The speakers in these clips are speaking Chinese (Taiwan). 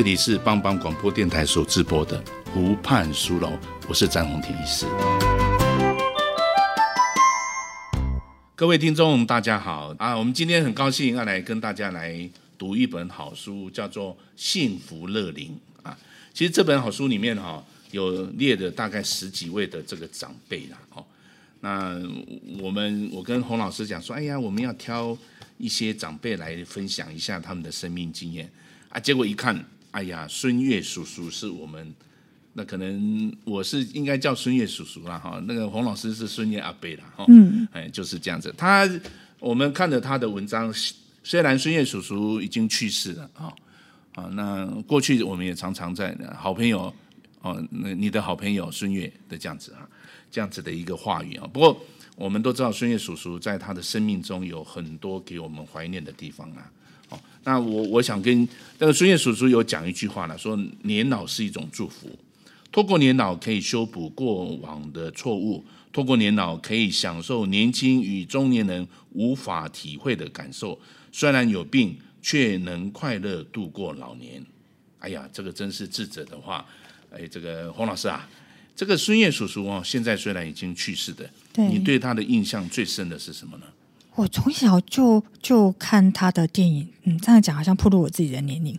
這裡是幫幫廣播電台所直播的湖畔書樓，我是詹弘廷醫師。各位聽眾，大家好啊！我們今天很高興要來跟大家來讀一本好書，叫做《幸福樂齡》啊。其實這本好書裡面哈，有列的大概十幾位的這個長輩啦。哦，那我們我跟洪老師講說，哎呀，我們要挑一些長輩來分享一下他們的生命經驗啊。結果一看，哎呀，孫越叔叔是我們，那可能我是應該叫孫越叔叔啦。哈。那個洪老師是孫越阿伯啦。哈。嗯，哎，就是這樣子。他我們看着他的文章，雖然孫越叔叔已經去世了啊啊，那過去我們也常常在好朋友哦，那你的好朋友孫越的這樣子啊，這樣子的一個話語啊。不過我們都知道孫越叔叔在他的生命中有很多給我們懷念的地方啊。那我我想跟那個孫越叔叔有講一句話呢，說，年老是一種祝福，透過年老可以修補過往的錯誤，透過年老可以享受年輕與中年人無法體會的感受，雖然有病卻能快樂度過老年。哎呀，這個真是智者的話。哎，這個洪老師啊，這個孫越叔叔哦，現在雖然已經去世的對，你對他的印象最深的是什麼呢？我從小就就看他的電影，嗯，這樣講好像暴露我自己的年齡，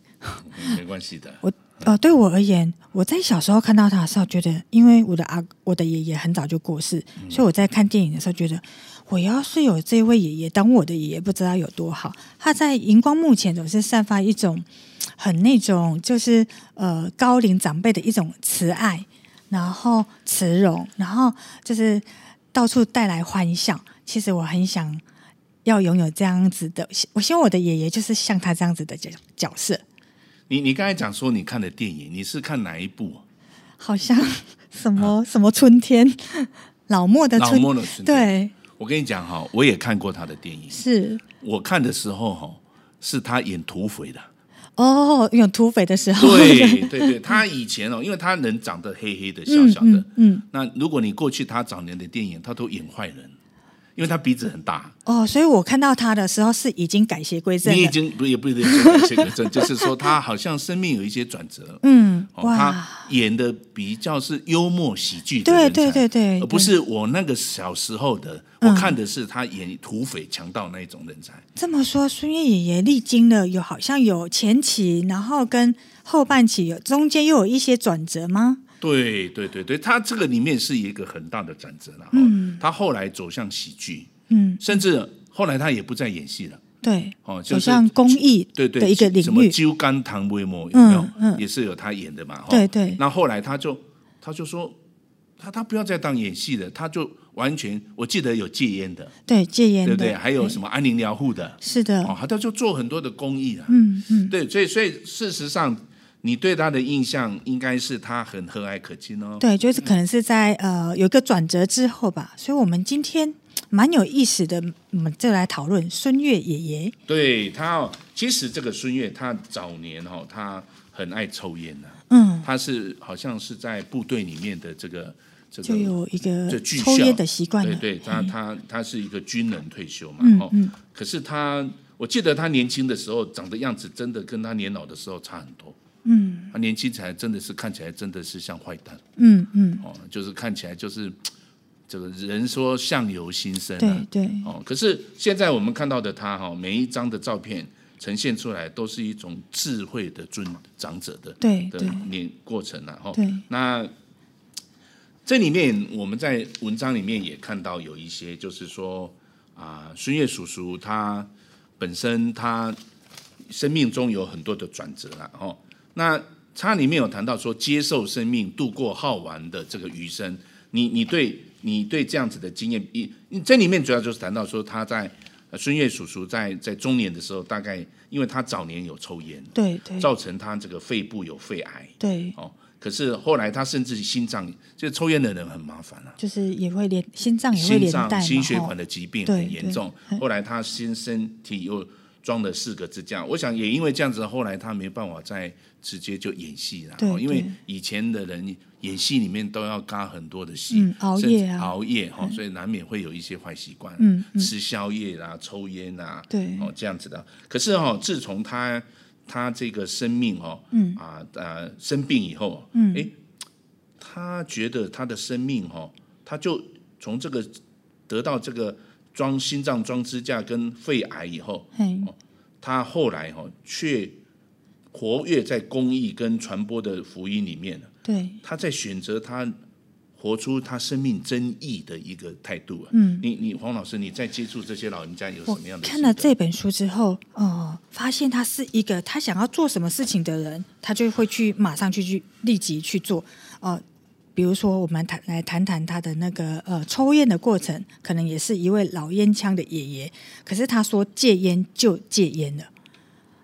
沒關係的。嗯、我呃，對我而言，我在小時候看到他的時候，覺得，因為我的阿，我的爺爺很早就過世，嗯、所以我在看電影的時候，覺得我要是有這位爺爺當我的爺爺，不知道有多好。他在熒光幕前總是散發一種很那種，就是呃高齡長輩的一種慈愛，然後慈容，然後就是到處帶來歡笑。其實我很想。要擁有這樣子的，我希望我的爺爺就是像他這樣子的角角色。你你剛才講說你看的電影，你是看哪一部？好像什麼、啊、什麼春天，老莫的春。老莫的春天對，我跟你講哈，我也看過他的電影。是我看的時候哈，是他演土匪的。哦，演土匪的時候對，對對對，他以前哦，因為他人長得黑黑的、小小的，嗯，嗯嗯那如果你過去他早年的電影，他都演壞人。因為他鼻子很大哦，所以我看到他的時候是已經改邪歸正了。你已經不也不一定改邪歸正， 就是說他好像生命有一些轉折。嗯，哇，哦、他演的比較是幽默喜劇的人才，對對對對，而不是我那個小時候的。我看的是他演土匪強盜那一種人才，嗯。這麼說，孫越爺爺歷經了有好像有前期，然後跟後半期有中間又有一些轉折嗎？對對對對，他這個裡面是一個很大的轉折，然後嗯、哦，他後來走向喜劇，嗯，甚至後來他也不再演戲了。對，哦，就是，走向公益，對對，一個領域，對對什麼《酒矸倘賣無》有沒有嗯，嗯，也是有他演的嘛。哦，對對。那後，後來他就他就說，他他不要再當演戲了，他就完全，我記得有戒煙的，對戒煙的，對不對，對？還有什麼安寧療護的，是的，哦，他他就做很多的公益啊。嗯嗯。對，所以所以事實上，你對他的印象應該是他很和藹可親哦。對，就是可能是在、嗯、呃有一個轉折之後吧，所以我們今天蠻有意思的，我們就來討論孫越爺爺。對他、哦，其實這個孫越他早年哈、哦，他很愛抽煙吶、啊。嗯，他是好像是在部隊裡面的這個這個就有一個抽煙的習慣。對，對他他他是一個軍人退休嘛，嗯。哦、嗯可是他我記得他年輕的時候長的樣子真的跟他年老的時候差很多。他、啊、年輕起來真的是看起來真的是像壞蛋。嗯嗯。哦，就是看起來就是這個、就是、人說相由心生、啊。對對。哦，可是現在我們看到的他哈、哦，每一張的照片呈現出來都是一種智慧的尊長者的對，對的年過程、啊、哦、對。那這裡面我們在文章裡面也看到有一些，就是說啊，孫越叔叔他本身他生命中有很多的轉折了、啊、哦、那他裡面有談到說，接受生命，度過好玩的這個餘生。你你對，你對這樣子的經驗，你這裡面主要就是談到說，他在孫越叔叔在在中年的時候，大概因為他早年有抽煙，對對，造成他這個肺部有肺癌，對哦。可是後來他甚至心臟，就抽煙的人很麻煩啊，就是也會連心臟也會連心，心血管的疾病很嚴重。後來他心身體又。裝了四個支架，我想也因為這樣子，後來他沒辦法再直接就演戲了。哦、因為以前的人演戲裡面都要加很多的戲，嗯、熬夜、啊、熬夜哈、哦嗯，所以難免會有一些壞習慣，嗯，嗯吃宵夜啦，抽煙啊，對、嗯，哦這樣子的。可是哦，自從他他這個生命哦，嗯啊、呃呃、生病以後，嗯，誒、他覺得他的生命哦，他就從這個得到這個。裝心臟裝支架跟肺癌以後，哦、他後來哈、哦、卻活躍在公益跟傳播的福音裡面了。對，他在選擇他活出他生命真義的一個態度啊。嗯，你你洪老師，你在接觸這些老人家有什麼樣的？我看了這本書之後，哦、呃，發現他是一個他想要做什麼事情的人，他就會去馬上去去立即去做、呃比如說，我們來談來談談他的那個呃抽煙的過程，可能也是一位老煙槍的爺爺。可是他說戒煙就戒煙了。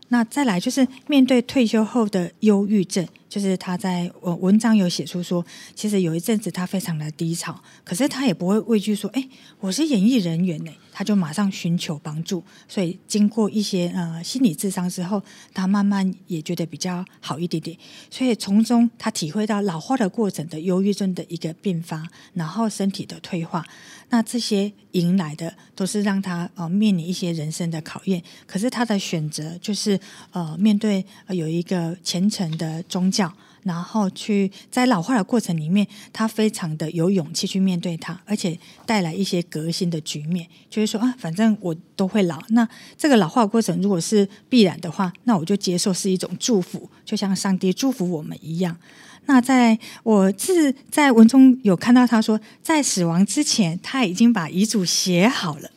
那再來就是面對退休後的憂鬱症，就是他在文章有寫出說，其實有一陣子他非常的低潮，可是他也不會畏懼說，哎，我是演藝人員呢。他就馬上尋求幫助，所以經過一些呃心理治療之後，他慢慢也覺得比較好一點點。所以從中他體會到老化的過程的憂鬱症的一個併發，然後身體的退化，那這些迎來的都是讓他、呃、面臨一些人生的考驗。可是他的選擇就是呃面對有一個虔誠的宗教。然後去在老化的過程裡面，他非常的有勇氣去面對它，而且帶來一些革新的局面。就是說啊，反正我都會老，那這個老化過程如果是必然的話，那我就接受是一種祝福，就像上帝祝福我們一樣。那在我自在文中有看到他說，在死亡之前，他已經把遺囑寫好了。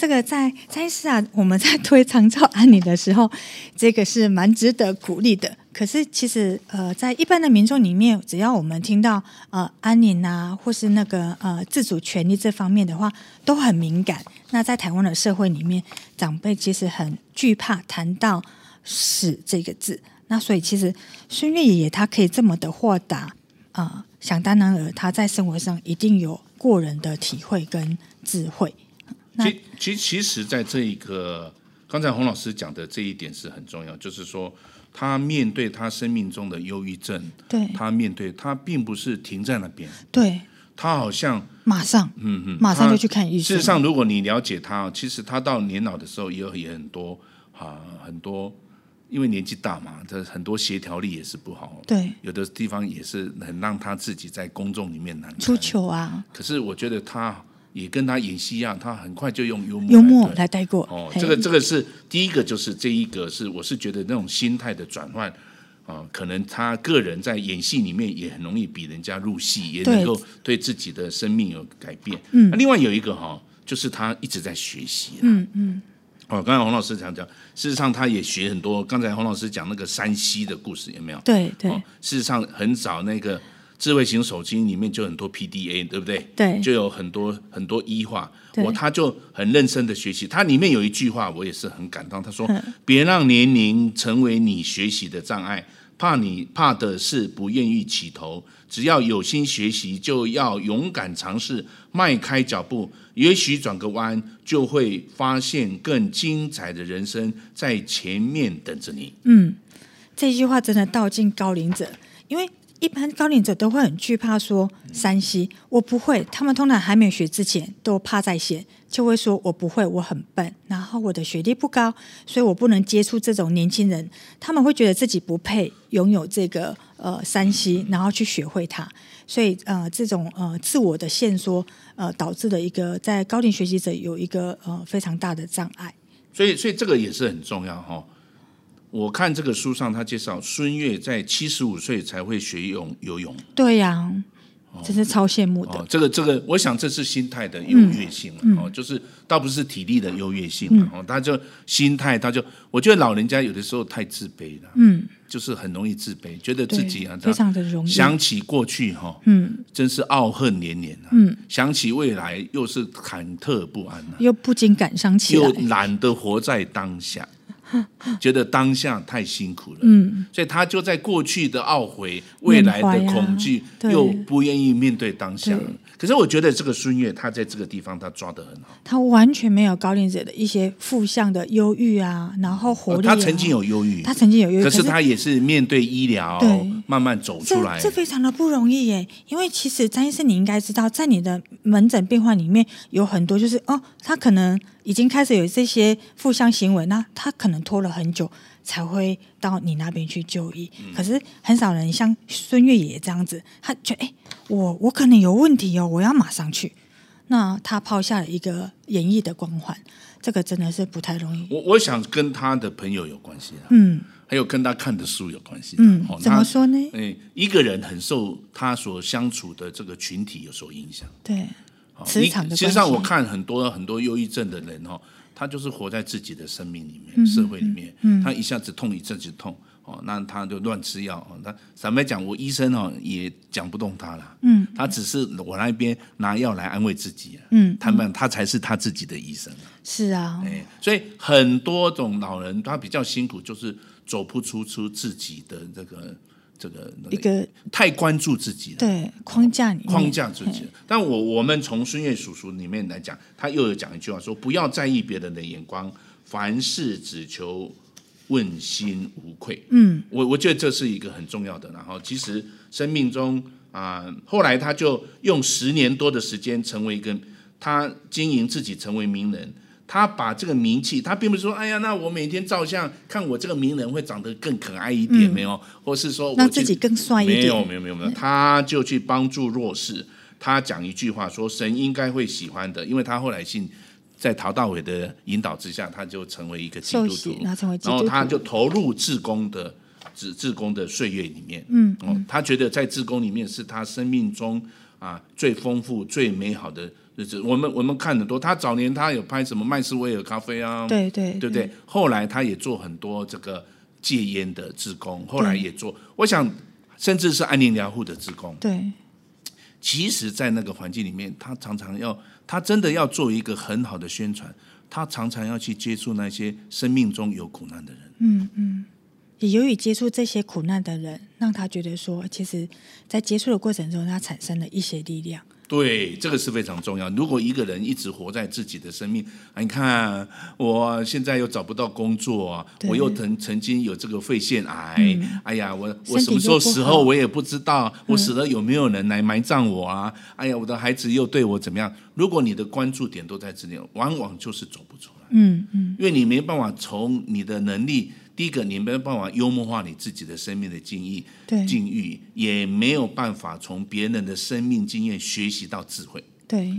這個在在是啊，我們在推長照安寧的時候，這個是蠻值得鼓勵的。可是其實呃，在一般的民眾裡面，只要我們聽到呃安寧啊，或是那個呃自主權利這方面的話，都很敏感。那在台灣的社會裡面，長輩其實很懼怕談到死這個字。那所以其實孫越爺爺他可以這麼的豁達啊、呃，想當然爾，他在生活上一定有過人的體會跟智慧。其其其實在這一個，剛才洪老師講的這一點是很重要，就是說他面對他生命中的憂鬱症，對，他面對他並不是停在那邊，對，他好像馬上，嗯嗯，馬上就去看醫生。事實上，如果你了解他，其實他到年老的時候也有也很多啊，很多因為年紀大嘛，他很多協調力也是不好，對，有的地方也是很讓他自己在公眾裡面難出糗啊。可是我覺得他。也跟他演戲一樣，他很快就用幽默來，幽默來帶過。哦，這個這個是第一個，就是這一個是我是覺得那種心態的轉換、哦、可能他個人在演戲裡面也很容易比人家入戲，也能夠對自己的生命有改變。嗯，啊、另外有一個哈、哦，就是他一直在學習。嗯嗯。哦，剛才洪老師講講，事實上他也學很多。剛才洪老師講那個山西的故事有沒有？對對、哦。事實上，很少那個。智慧型手機裡面就很多 PDA，對不對？對，就有很多很多 E 化。對。我他就很認真的學習，它裡面有一句話，我也是很感動。他說：“別讓年齡成為你學習的障礙，怕你怕的是不願意起頭，只要有心學習，就要勇敢嘗試，邁開腳步，也許轉個彎就會發現更精彩的人生在前面等着你。”嗯，這句話真的道盡高齡者，因為。一般高齡者都會很懼怕說 3C，我不會。他們通常還沒有學之前，都怕在先，就會說我不會，我很笨，然後我的學歷不高，所以我不能接觸這種年輕人。他們會覺得自己不配擁有這個呃 3C，然後去學會它。所以呃，這種呃自我的限縮呃，導致了一個在高齡學習者有一個呃非常大的障礙。所以，所以這個也是很重要哈、哦。我看這個書上，他介紹孫越在七十五歲才會學泳游泳。對呀、啊，真是超羨慕的。哦、這個這個，我想這是心態的優越性、嗯嗯、哦，就是倒不是體力的優越性、嗯哦、他就心態，他就我覺得老人家有的時候太自卑了，嗯，就是很容易自卑，覺得自己啊非常的容易，想起過去哈、哦，嗯，真是懊恨連連啊，嗯，想起未來又是忐忑不安啊，又不禁感傷起來，又懶得活在當下。覺得當下太辛苦了，嗯，所以他就在過去的懊悔，未來的恐懼，啊，又不願意面對當下。可是我覺得這個孫越，他在這個地方他抓得很好。他完全沒有高齡者的一些負向的憂鬱啊，然後活力、啊呃。他曾經有憂鬱。他曾經有憂鬱，可是他也是面對醫療，慢慢走出來這，這非常的不容易耶。因為其實詹醫師，你應該知道，在你的門診病患裡面，有很多就是哦，他可能已經開始有這些負向行為，那他可能拖了很久。才會到你那邊去就醫，可是很少人像孫越野這樣子，他覺得：「哎，我我可能有問題哦，我要馬上去。那他拋下了一個演藝的光環，這個真的是不太容易。我我想跟他的朋友有關係嗯，還有跟他看的書有關係，嗯，怎麼說呢？哎，一個人很受他所相處的這個群體有所影響，對，磁場的。其實上，我看很多很多憂鬱症的人哦。他就是活在自己的生命裡面、嗯、社會裡面、嗯嗯，他一下子痛一陣子痛、嗯、哦，那他就亂吃藥啊、哦。他坦白講，我醫生哦也講不動他了，嗯，他只是我那邊拿藥來安慰自己、啊，嗯，他們、嗯、他才是他自己的醫生、啊，是啊，哎，所以很多種老人他比較辛苦，就是走不出出自己的這個。這個一個太關注自己了，對，框架你。框架自己，嗯。但我我們從孫越叔叔裡面來講，他又有講一句話說：不要在意別人的眼光，凡事只求問心無愧。嗯，我我覺得這是一個很重要的。然後其實生命中啊，呃，後來他就用十年多的時間，成為一個他經營自己成為名人。他把這個名氣，他並不是說，哎呀，那我每天照相看我這個名人會長得更可愛一點、嗯、沒有，或是說我自己更帥一點，沒有沒有沒有沒有，他就去幫助弱勢。他講一句話說，神應該會喜歡的，因為他後來信，在陶大偉的引導之下，他就成為一個基督徒，然後成為基督徒，然後他就投入志工的志工的歲月裡面。嗯，哦、他覺得在志工裡面是他生命中啊最豐富、最美好的。就是、我們我們看得多，他早年他有拍什麼麥斯威爾咖啡啊，對對，對，對不對？後來他也做很多這個戒菸的志工，後來也做，我想甚至是安寧療護的志工。對，其實，在那個環境裡面，他常常要，他真的要做一個很好的宣傳，他常常要去接觸那些生命中有苦難的人。嗯嗯，也由於接觸這些苦難的人，讓他覺得說，其實在接觸的過程中，他產生了一些力量。對，這個是非常重要。如果一個人一直活在自己的生命，你看我現在又找不到工作，我又曾曾經有這個肺腺癌，嗯、哎呀，我我什麼時候死我也不知道，我死了有沒有人來埋葬我啊、嗯。哎呀，我的孩子又對我怎麼樣？如果你的關注點都在這裡，往往就是走不出來。嗯嗯，因為你沒辦法從你的能力。第一個，你沒有辦法幽默化你自己的生命的境遇，境遇也沒有辦法從別人的生命經驗學習到智慧。對，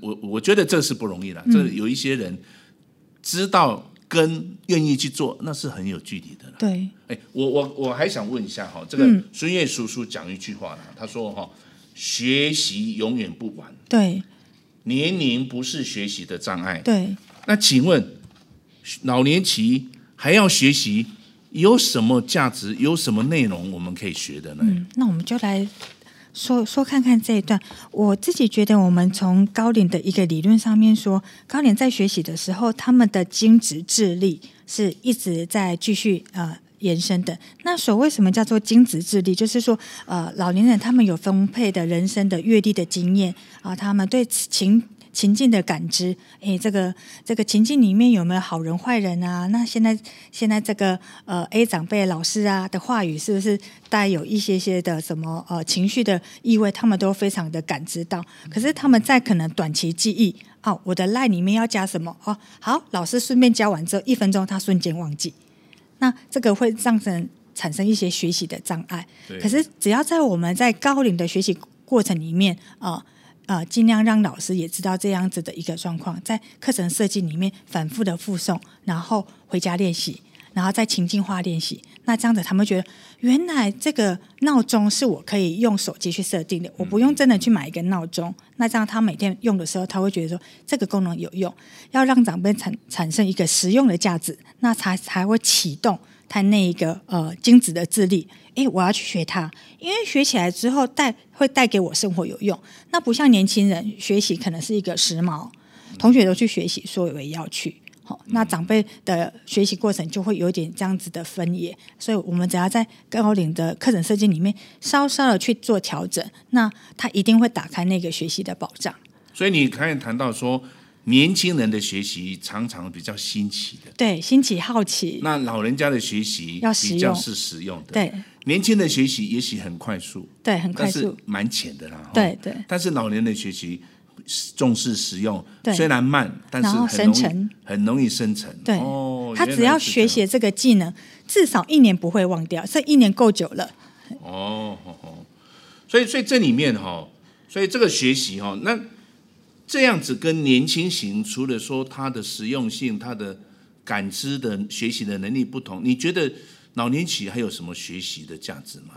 我我覺得這是不容易的、嗯。這個、有一些人知道跟願意去做，那是很有距離的，對，欸、我我我還想問一下哈，這個孫越叔叔講一句話呢、嗯，他說哈，學習永遠不完，對，年齡不是學習的障礙。對，那請問老年期？還要學習有什麼價值？有什麼內容我們可以學的呢？嗯，那我們就來說說看看這一段。我自己覺得，我們從高齡的一個理論上面說，高齡在學習的時候，他們的精子智力是一直在繼續呃延伸的。那所謂什麼叫做精子智力，就是說呃，老年人他們有豐沛的人生的閱歷的經驗啊，呃，他們對情。情境的感知，誒，這個這個情境裡面有沒有好人壞人啊？那現在現在這個呃，A 長輩老師啊的話語是不是帶有一些些的什麼呃情緒的意味？他們都非常的感知到。可是他們在可能短期記憶哦，我的賴裡面要加什麼哦？好，老師順便教完之後，一分鐘他瞬間忘記，那這個會讓人產生一些學習的障礙。對。可是只要在我們在高齡的學習過程裡面啊。哦呃，盡量讓老師也知道這樣子的一個狀況，在課程設計裡面反復的複誦，然後回家練習，然後再情境化練習。那這樣子，他們覺得原來這個鬧鐘是我可以用手機去設定的，我不用真的去買一個鬧鐘。那這樣，他每天用的時候，他會覺得說這個功能有用。要讓長輩產產生一個實用的價值，那才才會啟動。他那一個呃，精子的智力，誒，我要去學它，因為學起來之後帶會帶給我生活有用。那不像年輕人學習可能是一個時髦，同學都去學習，所以我也要去。好、哦，那長輩的學習過程就會有點這樣子的分野，所以我們只要在高齡的課程設計裡面稍稍的去做調整，那他一定會打開那個學習的保障。所以你可以談到說。年輕人的學習常常比較新奇的，對，新奇好奇。那老人家的學習要比較是實用的，對。年輕的學習也許很快速，對，很快速，蠻淺的啦。對對。但是老年人學習重視實用，雖然慢，但是很容易生成，很容易生成。對、哦。他只要學習這個技能，至少一年不會忘掉，這一年夠久了。哦哦。所以，所以這裡面哈、哦，所以這個學習哈、哦，那。這樣子跟年輕型，除了說它的實用性，它的感知的學習的能力不同，你覺得老年期還有什麼學習的價值嗎？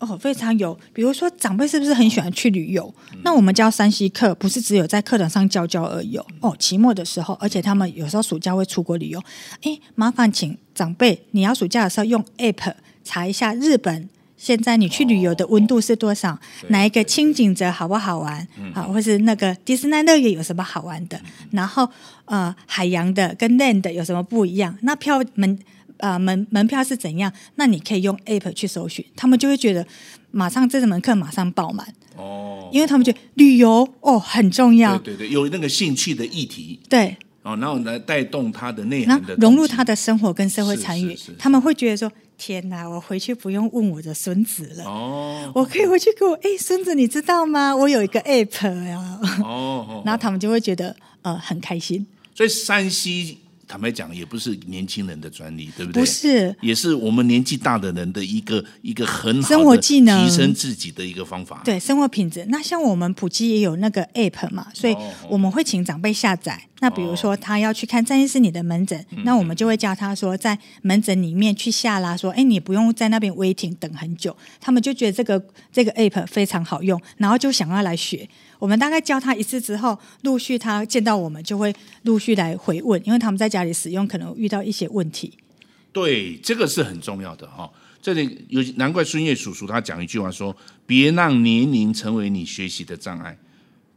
哦，非常有。嗯、比如說，長輩是不是很喜歡去旅遊嗯？那我們教 3C 課，不是只有在課堂上教教而已。哦，期末的時候，而且他們有時候暑假會出國旅遊。哎、欸，麻煩請長輩，你要暑假的時候用 APP 查一下日本。現在你去旅遊的溫度是多少？Oh, oh. 哪一個清境這好不好玩？啊？或是那個迪士尼樂園有什麼好玩的？嗯、然後呃，海洋的跟 land 有什麼不一樣？那票門啊、呃、門門票是怎樣？那你可以用 app 去搜尋，他們就會覺得馬上這門課馬上爆滿哦，oh, oh. 因為他們覺得旅遊哦很重要，對對對，有那個興趣的議題對。哦，然後來帶動他的內涵的融入他的生活跟社會參與，是是是是，他們會覺得說：天哪，我回去不用問我的孫子了，哦，我可以回去給我哎孫子，你知道嗎？我有一個 app 呀，哦， 然後他們就會覺得呃很開心，所以山西。坦白講，也不是年輕人的專利，對不對？不是，也是我們年紀大的人的一個一個很好的生活技能，提升自己的一個方法。對，生活品質。那像我們普及也有那個 app 嘛，所以我們會請長輩下載。那比如說他要去看詹醫、哦、師你的門診，那我們就會教他說，在門診裡面去下拉，說，哎、嗯嗯，你不用在那邊 waiting 等很久。他們就覺得這個這個 app 非常好用，然後就想要來學。我們大概教他一次之後，陸續他見到我們就會陸續來回問，因為他們在家裡使用可能遇到一些問題。對，這個是很重要的哈、哦。這裡有難怪孫越叔叔他講一句話說：“別讓年齡成為你學習的障礙，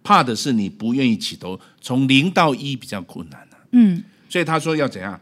怕的是你不願意起頭，從零到一比較困難、啊、嗯，所以他說要怎樣？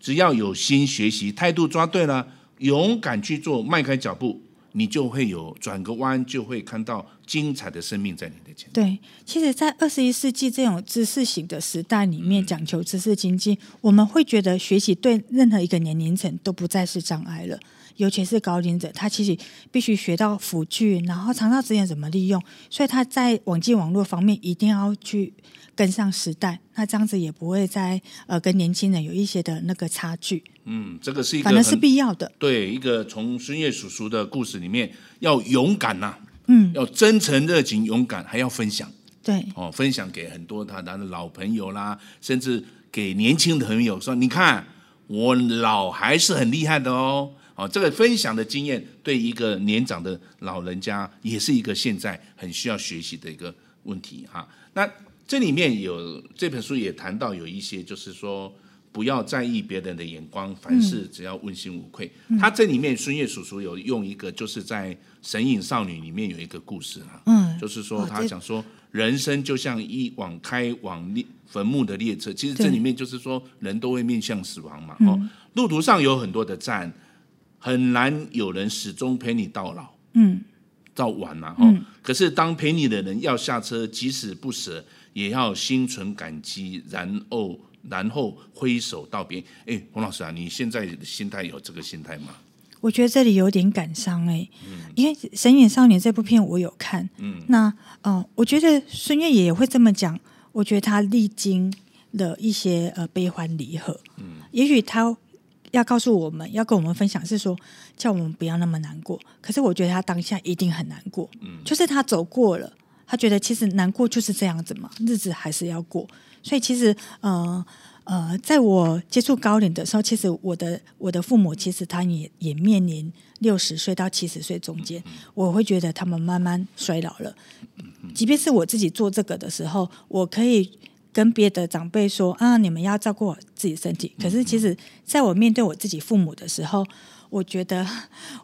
只要有心學習，態度抓對了，勇敢去做，邁開腳步。你就會有轉個彎，就會看到精彩的生命在你的前面。對，其實，在二十一世紀這種知識型的時代裡面，講求知識經濟、嗯，我們會覺得學習對任何一個年齡層都不再是障礙了。尤其是高齡者，他其實必須學到輔具，然後長照資源怎麼利用，所以他在網際網絡方面一定要去跟上時代，那這樣子也不會再呃跟年輕人有一些的那個差距。嗯，這個是一個反正是必要的。對，一個從孫越叔叔的故事裡面要勇敢吶、啊，嗯，要真誠、熱情、勇敢，還要分享。對，哦，分享給很多他的老朋友啦，甚至給年輕的朋友說：“你看，我老還是很厲害的哦。”哦，這個分享的經驗對一個年長的老人家也是一個現在很需要學習的一個問題哈。那這裡面有這本書也談到有一些就是說不要在意別人的眼光，凡事只要問心無愧。嗯、他這裡面孫越叔叔有用一個就是在《神隱少女》裡面有一個故事啊、嗯，就是說他講說人生就像一往開往墳墓的列車，其實這裡面就是說人都會面向死亡嘛。嗯、哦，路途上有很多的站。很難有人始終陪你到老，嗯，到晚嘛、啊、哈、嗯。可是當陪你的人要下車，即使不捨，也要心存感激，然後然後揮手道別。哎，洪老師啊，你現在的心態有這個心態嗎？我覺得這裡有點感傷哎、欸嗯，因為《神隱少女》這部片我有看，嗯，那啊、嗯，我覺得孫越也會這麼講。我覺得他歷經了一些呃悲歡離合，嗯，也許他。要告訴我們要跟我們分享是說，叫我們不要那麼難過。可是我覺得他當下一定很難過，就是他走過了，他覺得其實難過就是這樣子嘛，日子還是要過。所以其實，呃呃，在我接觸高齡的時候，其實我的我的父母，其實他也也面臨六十歲到七十歲中間，我會覺得他們慢慢衰老了。即便是我自己做這個的時候，我可以。跟別的長輩說啊，你們要照顧好自己身體。可是，其實在我面對我自己父母的時候，我覺得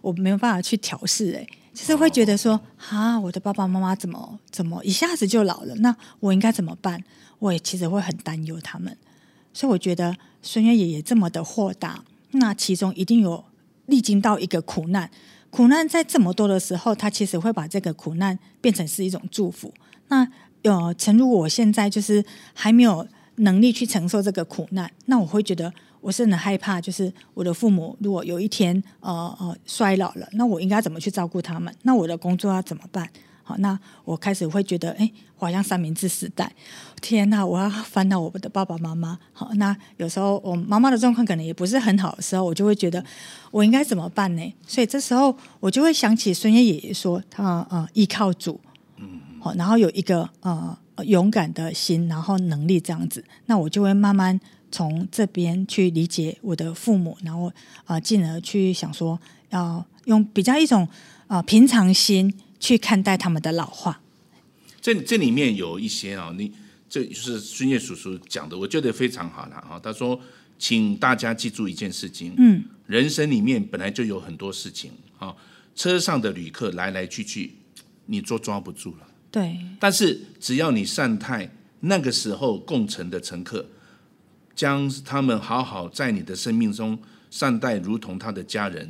我沒有辦法去調試、欸。誒，就是會覺得說，啊，我的爸爸媽媽怎麼怎麼一下子就老了？那我應該怎麼辦？我也其實會很擔憂他們。所以，我覺得孫越爺爺這麼的豁達，那其中一定有歷經到一個苦難。苦難在這麼多的時候，他其實會把這個苦難變成是一種祝福。那。有，假如我現在就是還沒有能力去承受這個苦難，那我會覺得我是很害怕。就是我的父母如果有一天呃呃衰老了，那我應該怎麼去照顧他們？那我的工作要怎麼辦？好，那我開始會覺得，哎，我好像三明治時代。天哪，我要煩惱我的爸爸媽媽。好，那有時候我媽媽的狀況可能也不是很好的時候，我就會覺得我應該怎麼辦呢？所以這時候我就會想起孫越爺爺說，他呃依靠主。然後有一個呃勇敢的心，然後能力這樣子，那我就會慢慢從這邊去理解我的父母，然後啊、呃，進而去想說，要用比較一種啊、呃、平常心去看待他們的老化。這這裡面有一些啊，你這就是孫越叔叔講的，我覺得非常好了啊。他說，請大家記住一件事情，嗯，人生裡面本來就有很多事情，車上的旅客來來去去，你都抓不住了。對，但是只要你善待那個時候共乘的乘客，將他們好好在你的生命中善待，如同他的家人，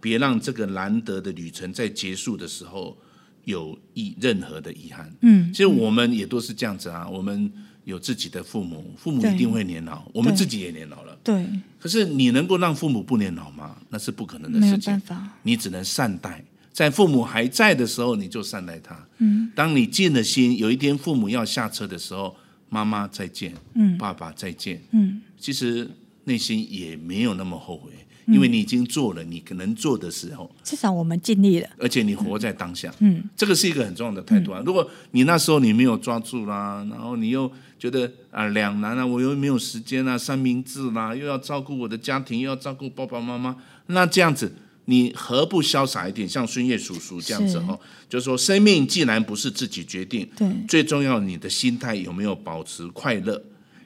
別讓這個難得的旅程在結束的時候有一任何的遺憾。嗯，其實我們也都是這樣子啊，我們有自己的父母，父母一定會年老，我們自己也年老了。對，可是你能夠讓父母不年老嗎？那是不可能的事情，沒有辦法，你只能善待。在父母還在的時候，你就善待他。嗯，當你盡了心，有一天父母要下車的時候，媽媽再見，嗯，爸爸再見，嗯，其實內心也沒有那麼後悔，嗯，因為你已經做了，你可能做的時候，至少我們盡力了。而且你活在當下，嗯，這個是一個很重要的態度啊，嗯。如果你那時候你沒有抓住啦，然後你又覺得啊兩難啊，我又沒有時間啊，三明治啦，又要照顧我的家庭，又要照顧爸爸媽媽，那這樣子。你何不瀟灑一點，像孫越叔叔這樣子哦？是就是說，生命既然不是自己決定，對，最重要你的心態有沒有保持快樂、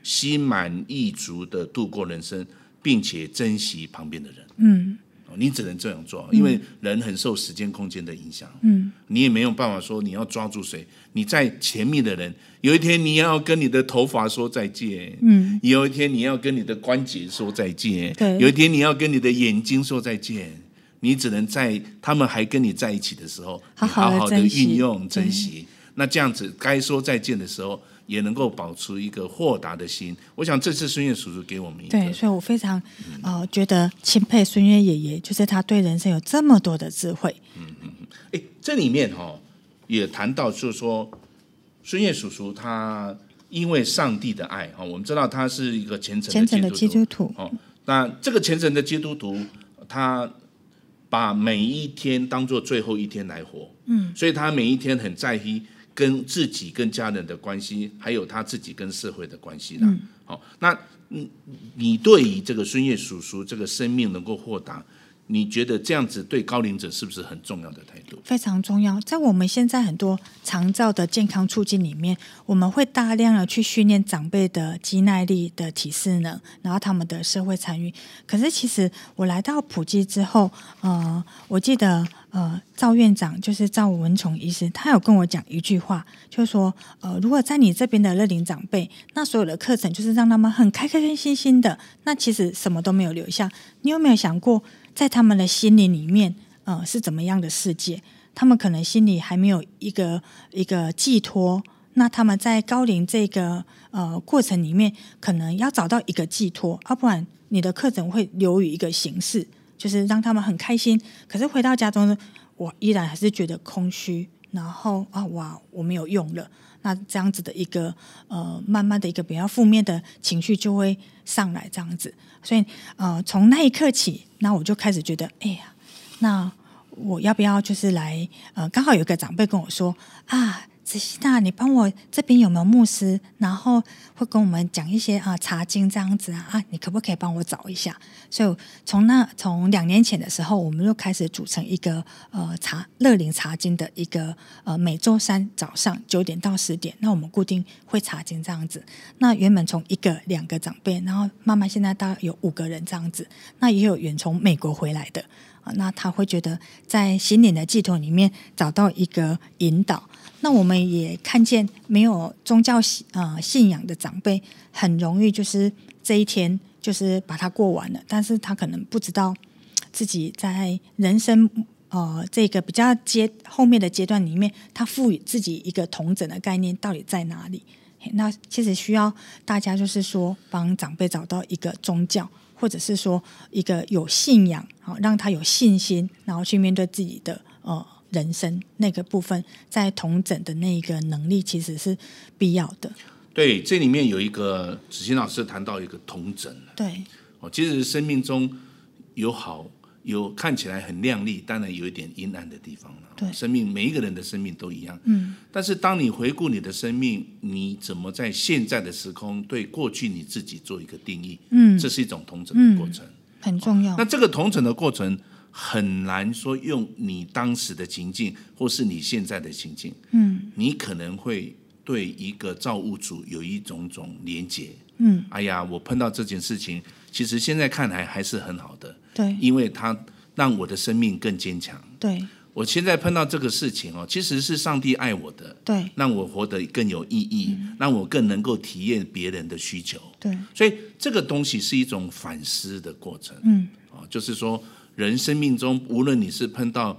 心滿意足地度過人生，並且珍惜旁邊的人。嗯，你只能這樣做，因為人很受時間、空間的影響。嗯，你也沒有辦法說你要抓住誰，你在前面的人，有一天你要跟你的頭髮說再見。嗯，有一天你要跟你的關節說再見。對，有一天你要跟你的眼睛說再見。你只能在他們還跟你在一起的時候，好好的，好好的運用、珍惜、嗯。那這樣子，該說再見的時候，也能夠保持一個豁達的心。我想，這次孫越叔叔給我們一個。對，所以，我非常、嗯呃、覺得欽佩孫越爺爺，就是他對人生有這麼多的智慧。嗯嗯、欸，這裡面哈、哦、也談到，就是說孫越叔叔他因為上帝的愛啊，我們知道他是一個虔誠虔誠的基督徒、基督徒哦。那這個虔誠的基督徒，他。把每一天當作最後一天來活，嗯，所以他每一天很在意跟自己、跟家人的關係，還有他自己跟社會的關係呢。嗯、好，那你你對於這個孫越叔叔這個生命能夠豁達？你覺得這樣子對高齡者是不是很重要的態度？非常重要，在我們現在很多長照的健康促進裡面，我們會大量的去訓練長輩的肌耐力的體適能，然後他們的社會參與。可是，其實我來到埔基之後，呃，我記得呃，趙院長就是趙文崇醫生，他有跟我講一句話，就是說：呃，如果在你這邊的樂齡長輩，那所有的課程就是讓他們很開開心心的，那其實什麼都沒有留下。你有沒有想過？在他們的心靈裡面，呃，是怎麼樣的世界？他們可能心裡還沒有一個一個寄託。那他們在高齡這個呃過程裡面，可能要找到一個寄託，啊，不然你的課程會流於一個形式，就是讓他們很開心。可是回到家中呢，我依然還是覺得空虛。然後啊，哇，我沒有用了。那這樣子的一個呃，慢慢的一個比較負面的情緒就會上來，這樣子。所以呃，從那一刻起，那我就開始覺得，哎呀，那我要不要就是來？呃，剛好有一個長輩跟我說啊。那、啊、你幫我這邊有沒有牧師，然後會跟我們講一些啊、呃、查經這樣子啊？啊，你可不可以幫我找一下？所以從那從兩年前的時候，我們就開始組成一個呃查樂齡查經的一個呃每週三早上九點到十點，那我們固定會查經這樣子。那原本從一個兩個長輩，然後慢慢現在大概有五個人這樣子，那也有遠從美國回來的。啊，那他會覺得在心靈的寄托裡面找到一個引導。那我們也看見沒有宗教信啊信仰的長輩，很容易就是這一天就是把它過完了，但是他可能不知道自己在人生呃這個比較階後面的階段裡面，他賦予自己一個統整的概念到底在哪裡？那其實需要大家就是說幫長輩找到一個宗教。或者是說一個有信仰，好讓他有信心，然後去面對自己的呃人生那個部分，在統整的那一個能力其實是必要的。對，這裡面有一個子鑫老師談到一個統整。對，哦，其實生命中有好。有看起來很亮麗，當然有一點陰暗的地方了。對，生命每一個人的生命都一樣。嗯，但是當你回顧你的生命，你怎麼在現在的時空對過去你自己做一個定義？嗯，這是一種統整的過程，嗯、很重要、哦。那這個統整的過程很難說用你當時的情境，或是你現在的情境。嗯，你可能會對一個造物主有一種種連結。嗯，哎呀，我碰到這件事情，其實現在看來還是很好的。對，因為他讓我的生命更堅強。對，我現在碰到這個事情哦，其實是上帝愛我的，對，讓我活得更有意義，嗯、讓我更能夠體驗別人的需求。對，所以這個東西是一種反思的過程。嗯，哦、就是說，人生命中無論你是碰到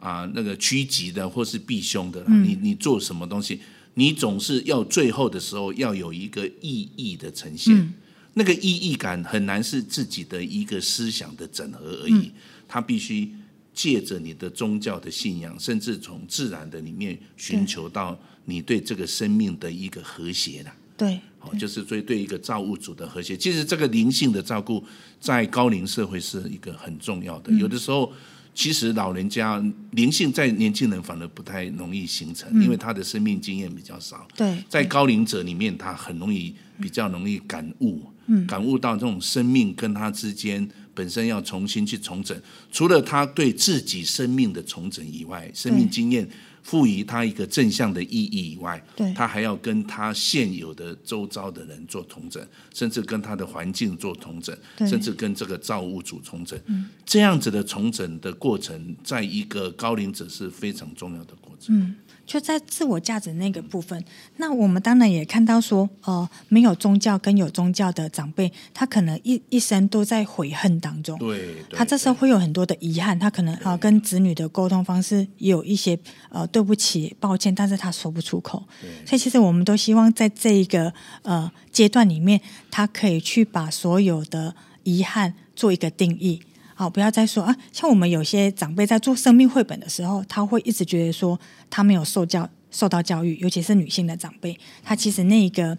啊、呃、那個趨吉的或是避凶的，嗯、你你做什麼東西，你總是要最後的時候要有一個意義的呈現。嗯那個意義感很難是自己的一個思想的整合而已，嗯、他必須借着你的宗教的信仰，甚至從自然的裡面尋求到你對這個生命的一個和諧啦對。對，就是追對，對一個造物主的和諧。其實這個靈性的照顧，在高齡社會是一個很重要的、嗯。有的時候，其實老人家靈性在年輕人反而不太容易形成，嗯、因為他的生命經驗比較少。對，對在高齡者裡面，他很容易比較容易感悟。感悟到這種生命跟他之間本身要重新去重整，除了他對自己生命的重整以外，生命經驗賦予他一個正向的意義以外，他還要跟他現有的周遭的人做重整，甚至跟他的環境做重整，甚至跟這個造物主重整。這樣子的重整的過程，在一個高齡者是非常重要的過程。嗯。嗯就在自我價值那個部分，那我們當然也看到說，呃，沒有宗教跟有宗教的長輩，他可能一一生都在悔恨當中對。對，他這時候會有很多的遺憾，他可能啊、呃、跟子女的溝通方式有一些呃對不起、抱歉，但是他說不出口。所以其實我們都希望在這一個呃階段裡面，他可以去把所有的遺憾做一個定義。好，不要再說啊！像我們有些長輩在做生命繪本的時候，他會一直覺得說他沒有受教、受到教育，尤其是女性的長輩，她其實那個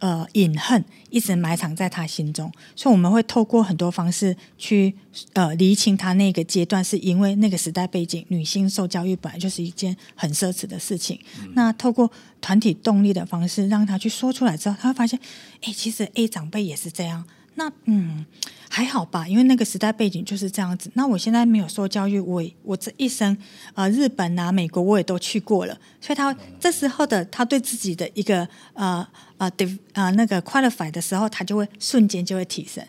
呃隱恨一直埋藏在她心中。所以我們會透過很多方式去呃釐清她那個階段，是因為那個時代背景，女性受教育本來就是一件很奢侈的事情。嗯、那透過團體動力的方式，讓她去說出來之後，她會發現，哎，其實 A 長輩也是這樣。那嗯還好吧，因為那個時代背景就是這樣子。那我現在沒有受教育，我我這一生啊、呃，日本啊、美國我也都去過了，所以他、嗯、這時候的他對自己的一個啊啊對啊那個 qualify 的時候，他就會瞬間就會提升。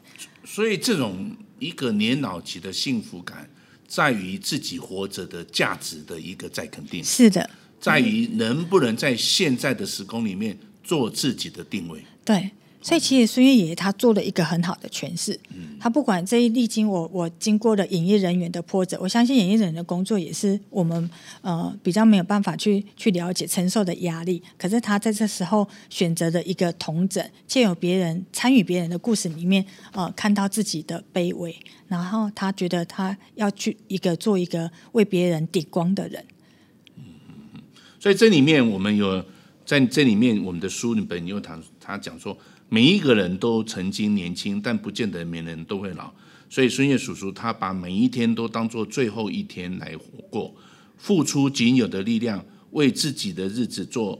所以這種一個年老期的幸福感，在於自己活着的價值的一個再肯定。是的、嗯，在於能不能在現在的時空裡面做自己的定位。對。所以，其實孫越爺爺他做了一個很好的詮釋。他不管這一歷經我，我我經過了演藝人員的波折，我相信演藝人員的工作也是我們呃比較沒有辦法去去了解、承受的壓力。可是他在這時候選擇的一個童枕，借由別人參與別人的故事裡面呃看到自己的卑微，然後他覺得他要去一個做一個為別人抵光的人。嗯，所以這裡面我們有在這裡面我們的書裡面又談他講說。每一個人都曾經年輕，但不見得每個人都會老。所以孫越叔叔他把每一天都當做最後一天來活過，付出僅有的力量，為自己的日子做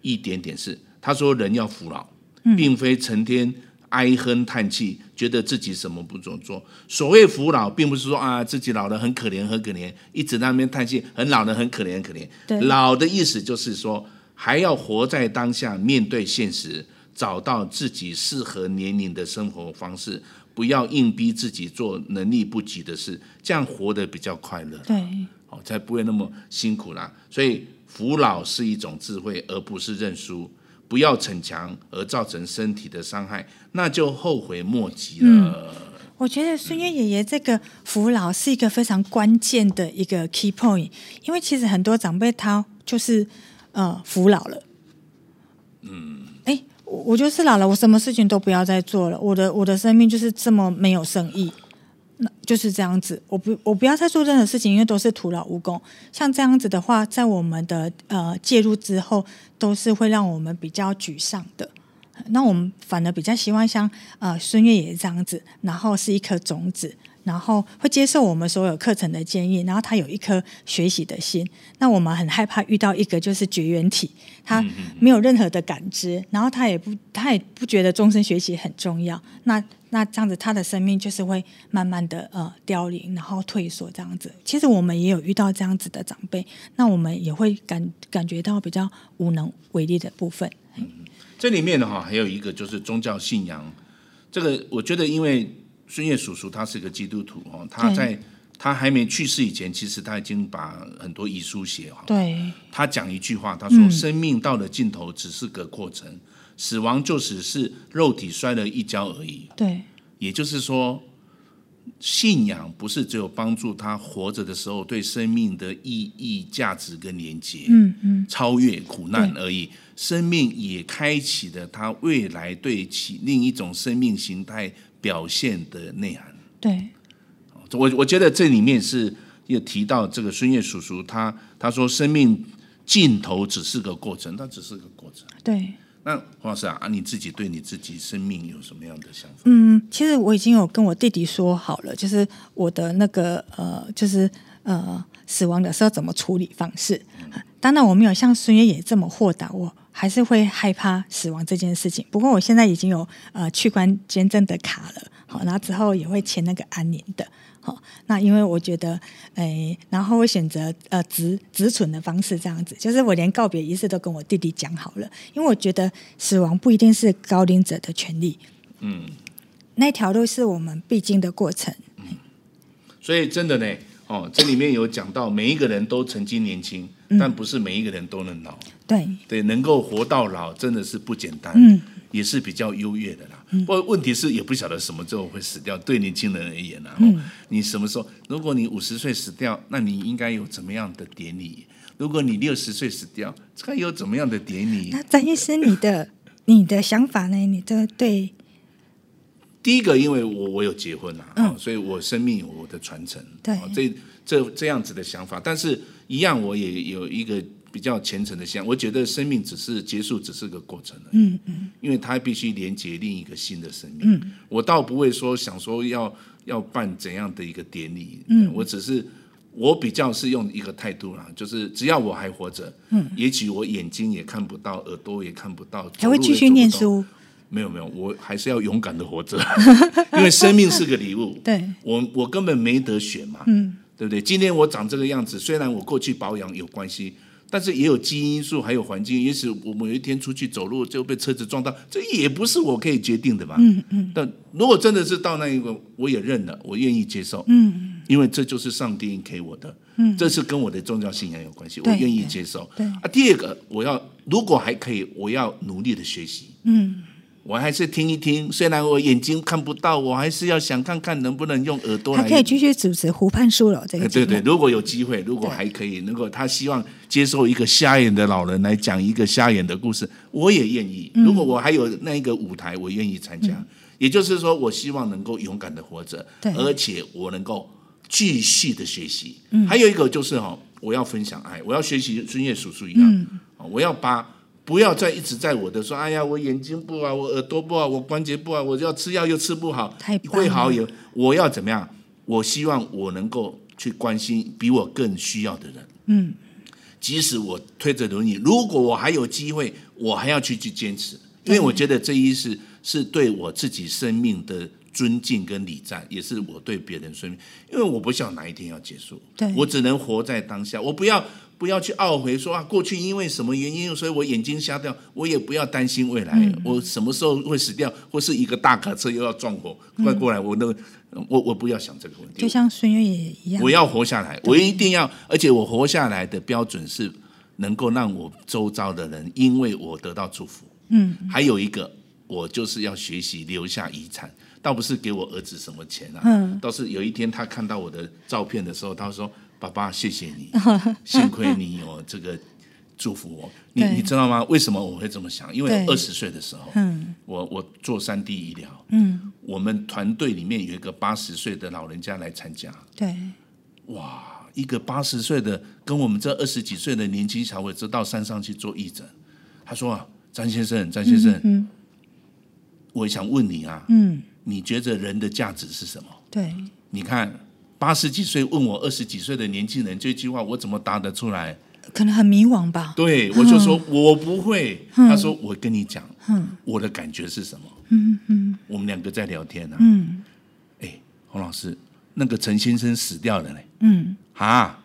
一點點事。他說：“人要服老、嗯，並非成天唉聲嘆氣，覺得自己什麼不做做。所謂服老，並不是說啊自己老了很可憐很可憐，一直在那邊嘆氣，很老了、很可憐很可憐。老的意思就是說，還要活在當下，面對現實。”找到自己適合年齡的生活方式，不要硬逼自己做能力不及的事，這樣活得比較快樂。對，好、哦、才不會那麼辛苦啦。所以服老是一種智慧，而不是認輸。不要逞強而造成身體的傷害，那就後悔莫及了。嗯、我覺得孫越爺爺這個服老是一個非常關鍵的一個 key point，因為其實很多長輩他就是呃服老了。我就是老了，我什麼事情都不要再做了。我的我的生命就是這麼沒有生意，那就是這樣子。我不我不要再做任何事情，因為都是徒勞無功。像這樣子的話，在我們的呃介入之後，都是會讓我們比較沮喪的。那我們反而比較希望像呃孫越也，這樣子，然後是一顆種子。然後會接受我們所有課程的建議，然後他有一顆學習的心。那我們很害怕遇到一個就是絕緣體，他沒有任何的感知，嗯、然後他也不他也不覺得終身學習很重要。那那這樣子，他的生命就是會慢慢的呃凋零，然後退縮這樣子。其實我們也有遇到這樣子的長輩，那我們也會感感覺到比較無能為力的部分。嗯、這裡面的話、哦、還有一個就是宗教信仰，這個我覺得因為。孫越叔叔他是個基督徒哦，他在他還沒去世以前，其實他已經把很多遺書寫好。對，他講一句話，他說：“嗯、生命到了盡頭，只是個過程，死亡就只是，是肉體摔了一跤而已。”對，也就是說，信仰不是只有幫助他活着的時候對生命的意義、價值跟連接，嗯嗯，超越苦難而已。生命也開啟了他未來對其另一種生命形態。表現的內涵，對，我我覺得這裡面是有提到這個孫越叔叔他，他他說生命盡頭只是個過程，它只是個過程。對，那黃老師啊，你自己對你自己生命有什麼樣的想法？嗯，其實我已經有跟我弟弟說好了，就是我的那個呃，就是呃，死亡的時候怎麼處理方式。當然我沒有像孫越也這麼豁達，我。還是會害怕死亡這件事情。不過我現在已經有呃器官捐贈的卡了，好、哦，那之後也會簽那個安寧的。好、哦，那因為我覺得，哎，然後我選擇呃植植存的方式這樣子，就是我連告別儀式都跟我弟弟講好了，因為我覺得死亡不一定是高齡者的權利。嗯，那條路是我們必經的過程、嗯。所以真的呢，哦，這裡面有講到每一個人都曾經年輕，嗯、但不是每一個人都能老。對，對，能夠活到老真的是不簡單，嗯，也是比較優越的啦。不、嗯、過問題是也不曉得什麼時候會死掉。對年輕人而言呢、啊嗯，你什麼時候？如果你五十歲死掉，那你應該有怎麼樣的典禮？如果你六十歲死掉，該有怎麼樣的典禮？那詹醫師， 你的你的想法呢？你的對？第一個，因為我我有結婚啊，嗯、哦，所以我生命有我的傳承，對，哦、這這，這樣子的想法。但是一樣，我也有一個。比較虔誠的像，我覺得生命只是結束，只是個過程。嗯嗯，因為他必須連接另一個新的生命。嗯，我倒不會說想說要要辦怎樣的一個典禮，嗯。嗯，我只是我比較是用一個態度啦，就是只要我還活着，嗯，也許我眼睛也看不到，耳朵也看不到，還會繼續唸書。沒有沒有，我還是要勇敢的活着， 因為生命是個禮物。對，我我根本沒得選嘛。嗯，對不對？今天我長這個樣子，雖然我過去保養有關係。但是也有基因因素，還有環境，也許我某一天出去走路就被車子撞到，這也不是我可以決定的吧？嗯，嗯。但如果真的是到那一個，我也認了，我願意接受。嗯。因為這就是上帝給我的。嗯。這是跟我的宗教信仰有關係，我願意接受。對。對。啊，第二個，我要如果還可以，我要努力的學習。嗯。我還是聽一聽，雖然我眼睛看不到，我還是要想看看能不能用耳朵來。他可以繼續主持湖畔書樓，這個、對對？對，如果有機會，如果還可以，能夠，他希望接受一個瞎眼的老人來講一個瞎眼的故事，我也願意。嗯、如果我還有那一個舞台，我願意參加、嗯。也就是說，我希望能夠勇敢的活着，對，而且我能夠繼續的學習、嗯。還有一個就是哦，我要分享愛，我要學習孫越叔叔一樣，嗯、我要把。不要再一直在我的說，哎呀，我眼睛不好，我耳朵不好，我關節不好，我要吃藥又吃不好，太會好有我要怎麼樣？我希望我能夠去關心比我更需要的人。嗯，即使我推着輪椅，如果我還有機會，我還要去去堅持，因為我覺得這意思是對我自己生命的尊敬跟禮讚，也是我對別人生命。因為我不想哪一天要結束，對，我只能活在當下，我不要。不要去懊悔，說啊，過去因為什麼原因，所以我眼睛瞎掉。我也不要擔心未來，嗯、我什麼時候會死掉，或是一個大卡車又要撞過，快、嗯、過來！我那個，我我不要想這個問題。就像孫越也一樣，我要活下來，我一定要，而且我活下來的標準是能夠讓我周遭的人因為我得到祝福。嗯，還有一個，我就是要學習留下遺產，倒不是給我兒子什麼錢啊。嗯，倒是有一天他看到我的照片的時候，他說。爸爸，謝謝你， 幸虧你有這個祝福我。你你知道嗎？為什麼我會這麼想？因為二十歲的時候，嗯，我我做山地醫療，嗯，我們團隊裡面有一個八十歲的老人家來參加，對，哇，一個八十歲的跟我們這二十幾歲的年輕小伙子到山上去做義診，他說、啊：“詹先生，詹先生嗯，嗯，我想問你啊，嗯，你覺得人的價值是什麼？對，你看。”八十幾歲問我二十幾歲的年輕人這句話，我怎麼答得出來？可能很迷惘吧。對，我就說，我不會。他說，我跟你講，我的感覺是什麼？嗯嗯。我們兩個在聊天呢、啊。嗯。哎、欸，洪老師，那個陳先生死掉了呢。嗯。啊，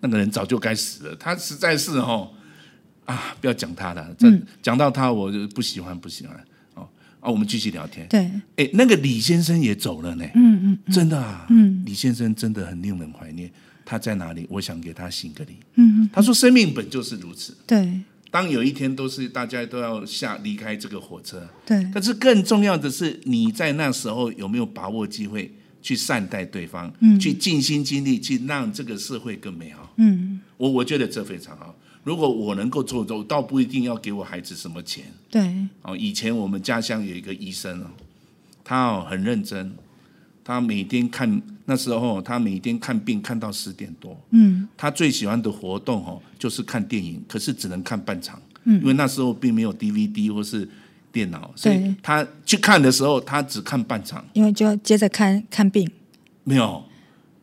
那個人早就該死了。他實在是哦，啊，不要講他了。講、嗯、到他，我就不喜歡，不喜歡。啊，我們繼續聊天。對，哎，那個李先生也走了呢。嗯嗯，嗯，真的啊。嗯，李先生真的很令人懷念。他在哪裡？我想給他行個禮。嗯，他說：“生命本就是如此。”對，當有一天都是大家都要下離開這個火車。對，可是更重要的是，你在那時候有沒有把握機會去善待對方，嗯，去盡心盡力去讓這個社會更美好。嗯，我我覺得這非常好。如果我能夠做到，倒不一定要給我孩子什麼錢。對哦，以前我們家鄉有一個醫生哦，他哦很認真，他每天看，那時候他每天看病看到十點多。嗯，他最喜歡的活動哦就是看電影，可是只能看半場。嗯，因為那時候並沒有 DVD 或是電腦，所以他去看的時候他只看半場，因為就接着看看病。沒有，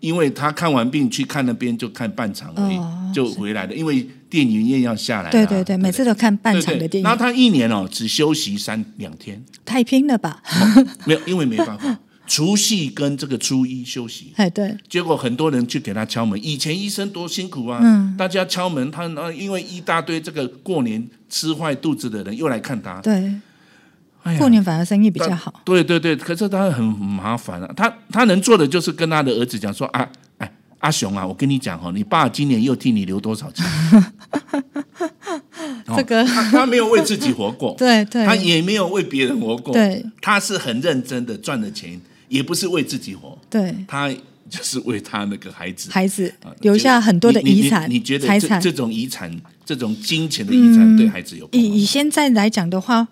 因為他看完病去看那邊就看半場而已、哦欸，就回來了，因為。電影院要下來啊，對對對，對對對，每次都看半場的電影。對對，然後他一年哦，只休息三兩天。太拼了吧 ，哦，沒有，因為沒辦法， 除夕跟這個初一休息。哎，對。結果很多人去給他敲門。以前醫生多辛苦啊，嗯，大家敲門，他然後因為一大堆這個過年吃壞肚子的人又來看他。對。哎呀，過年反而生意比較好。對對對，可是他很麻煩啊。他他能做的就是跟他的兒子講說啊。阿雄啊，我跟你講哦，你爸今年又替你留多少錢？ 這個、哦、他，他沒有為自己活過， 對對，他也沒有為別人活過，對，他是很認真的賺的錢，也不是為自己活，對，嗯、他就是為他那個孩子，孩子、啊、留下很多的遺產，你你你你覺得這，財產、這種遺產，這種金錢的遺產對孩子有以、嗯、以現在來講的話。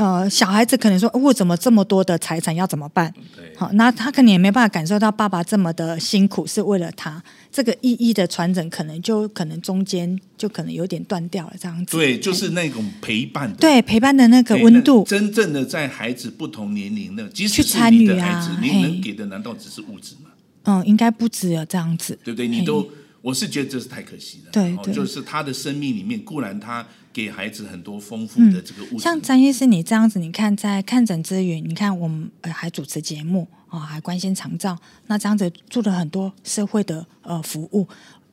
呃，小孩子可能說，為、哦、什麼這麼多的財產要怎麼辦？好、哦，那他可能也沒辦法感受到爸爸這麼的辛苦是為了他，這個意義的傳承可能就可能中間就可能有點斷掉了這樣子。對，就是那種陪伴的、哎，對陪伴的那個溫度，哎、真正的在孩子不同年齡呢，即使去參與的孩子、啊，你能給的難道只是物質嗎？嗯，應該不止有這樣子，對不對？你都、哎，我是覺得這是太可惜了。對，對哦、就是他的生命裡面固然他。給孩子很多豐富的這個物質，嗯。像詹醫師你這樣子，你看在看診之餘，你看我們、呃、還主持節目啊、哦，還關心長照，那這樣子做了很多社會的呃服務，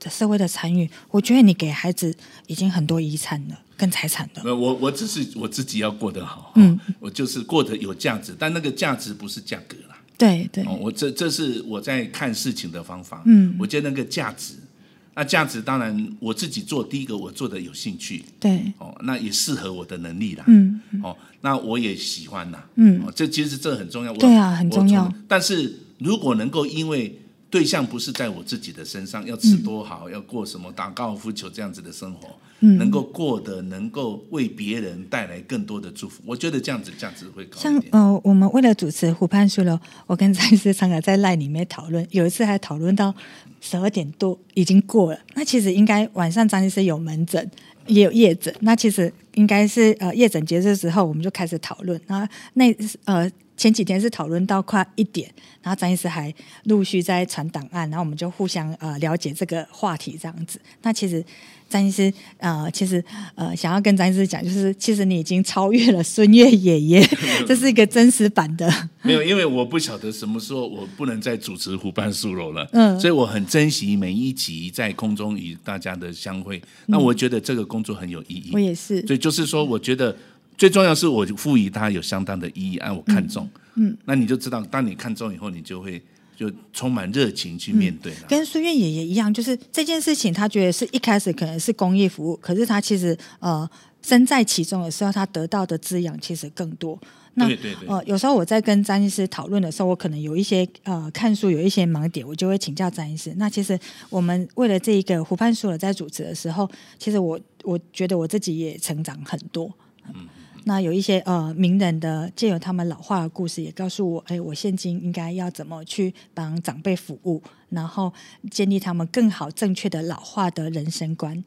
社會的參與，我覺得你給孩子已經很多遺產了，跟財產的。我我只是我自己要過得好、哦，嗯，我就是過得有價值，但那個價值不是價格啦。對對、哦，我這這是我在看事情的方法，嗯，我覺得那個價值。那這樣子當然我自己做，第一個我做的有興趣，對，哦，那也適合我的能力啦，嗯，哦，那我也喜歡啦。嗯，哦，這其實這很重要，我，對啊，很重要。我，但是如果能夠因為。對象不是在我自己的身上，要吃多好，嗯、要過什麼打高爾夫球這樣子的生活，嗯、能夠過得能夠為別人帶來更多的祝福，我覺得這樣子這樣子會好一點。像，呃，我們為了主持湖畔書樓，我跟詹醫師常常在 LINE 裡面討論，有一次還討論到十二點多已經過了。那其實應該晚上詹醫師有門診也有夜診，那其實應該是呃夜診結束之後，我們就開始討論那那呃。前幾天是討論到快一點，然後詹醫師還陸續在傳檔案，然後我們就互相呃了解這個話題這樣子。那其實詹醫師、呃、其實呃想要跟詹醫師講，就是其實你已經超越了孫越爺爺，這是一個真實版的。 沒有，因為我不曉得什麼時候我不能再主持湖畔書樓了，嗯，所以我很珍惜每一集在空中與大家的相會。那我覺得這個工作很有意義，嗯、我也是。對就是說，我覺得。最重要是我賦予他有相當的意義，按我看中嗯，嗯，那你就知道，當你看中以後，你就會就充滿熱情去面對、啊嗯、跟蘇院也一樣，就是這件事情，他覺得是一開始可能是公益服務，可是他其實呃身在其中的時候，他得到的滋養其實更多。那對對對。呃，有時候我在跟詹醫師討論的時候，我可能有一些呃看書有一些盲點，我就會請教詹醫師。那其實我們為了這一個湖畔書樓在主持的時候，其實我我覺得我自己也成長很多。嗯。那有一些呃名人的借由他們老化的故事，也告訴我，哎，我現今應該要怎麼去幫長輩服務，然後建立他們更好正確的老化的人生觀。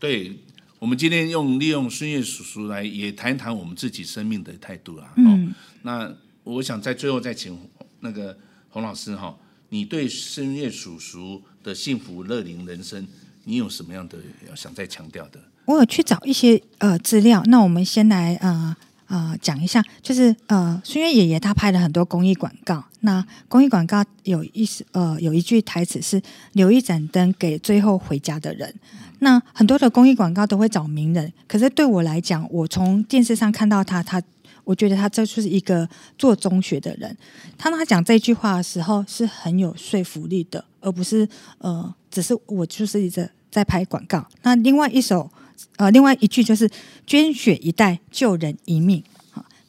對，我們今天用利用孫越叔叔來也談一談我們自己生命的態度啊。嗯。哦，那我想在最後再請那個洪老師哈、哦，你對孫越叔叔的幸福樂齡人生，你有什麼樣的要想再強調的？我有去找一些呃資料，那我們先來呃呃講一下，就是呃孫越爺爺他拍了很多公益廣告，那公益廣告有一呃有一句台詞是“留一盞燈給最後回家的人”，那很多的公益廣告都會找名人，可是對我來講，我從電視上看到他，他我覺得他這就是一個做中學的人，他他講這句話的時候是很有說服力的，而不是呃只是我就是一直在拍廣告。那另外一首。呃，另外一句就是“捐血一袋，救人一命”。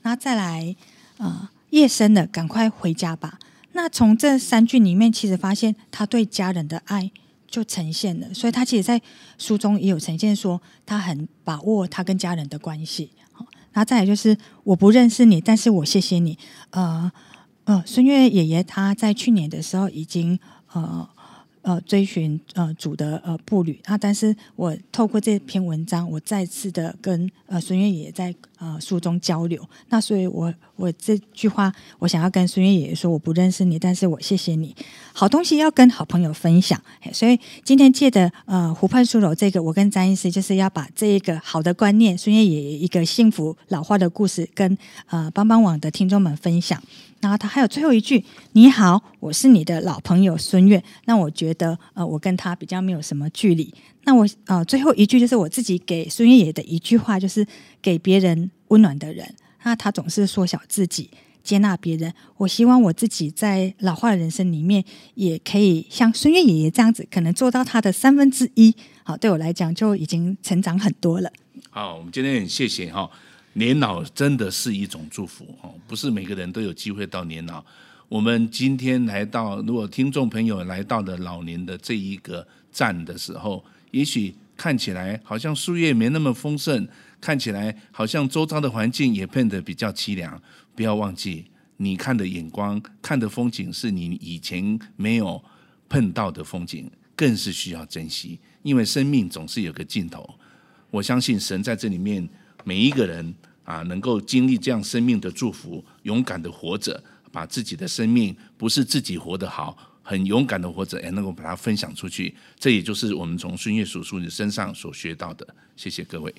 那再來啊、呃，夜深了，趕快回家吧。那從這三句裡面，其實發現他對家人的愛就呈現了。所以他其實，在書中也有呈現說，說他很把握他跟家人的關係。那再來就是，我不認識你，但是我謝謝你。呃呃，孫越爺爺他在去年的時候已經呃。呃，追尋呃主的呃步履啊，但是我透過這篇文章，我再次的跟呃孫越也在呃書中交流。那所以我，我我這句話，我想要跟孫越也說，我不認識你，但是我謝謝你，好東西要跟好朋友分享。所以今天藉著呃湖畔書樓這個，我跟詹醫師就是要把這一個好的觀念，孫越也一個幸福老化的故事，跟呃幫幫網的聽眾們分享。然後他還有最後一句：“你好，我是你的老朋友孫越。”那我覺得，呃，我跟他比較沒有什麼距離。那我呃最後一句就是我自己給孫越爺爺的一句話，就是給別人溫暖的人，那他總是縮小自己，接納別人。我希望我自己在老化的人生裡面，也可以像孫越爺爺這樣子，可能做到他的三分之一。好，對我來講就已經成長很多了。好，我們今天很謝謝哈。哦年老真的是一種祝福哦，不是每個人都有機會到年老。我們今天來到，如果聽眾朋友來到了老年的這一個站的時候，也許看起來好像樹葉沒那麼豐盛，看起來好像周遭的環境也變得比較淒涼。不要忘記，你看的眼光、看的風景，是你以前沒有碰到的風景，更是需要珍惜，因為生命總是有個盡頭。我相信神在這裡面。每一個人啊，能夠經歷這樣生命的祝福，勇敢的活着，把自己的生命不是自己活得好，很勇敢的活着，也、哎、能夠把它分享出去。這也就是我們從孫越叔叔的身上所學到的。謝謝各位。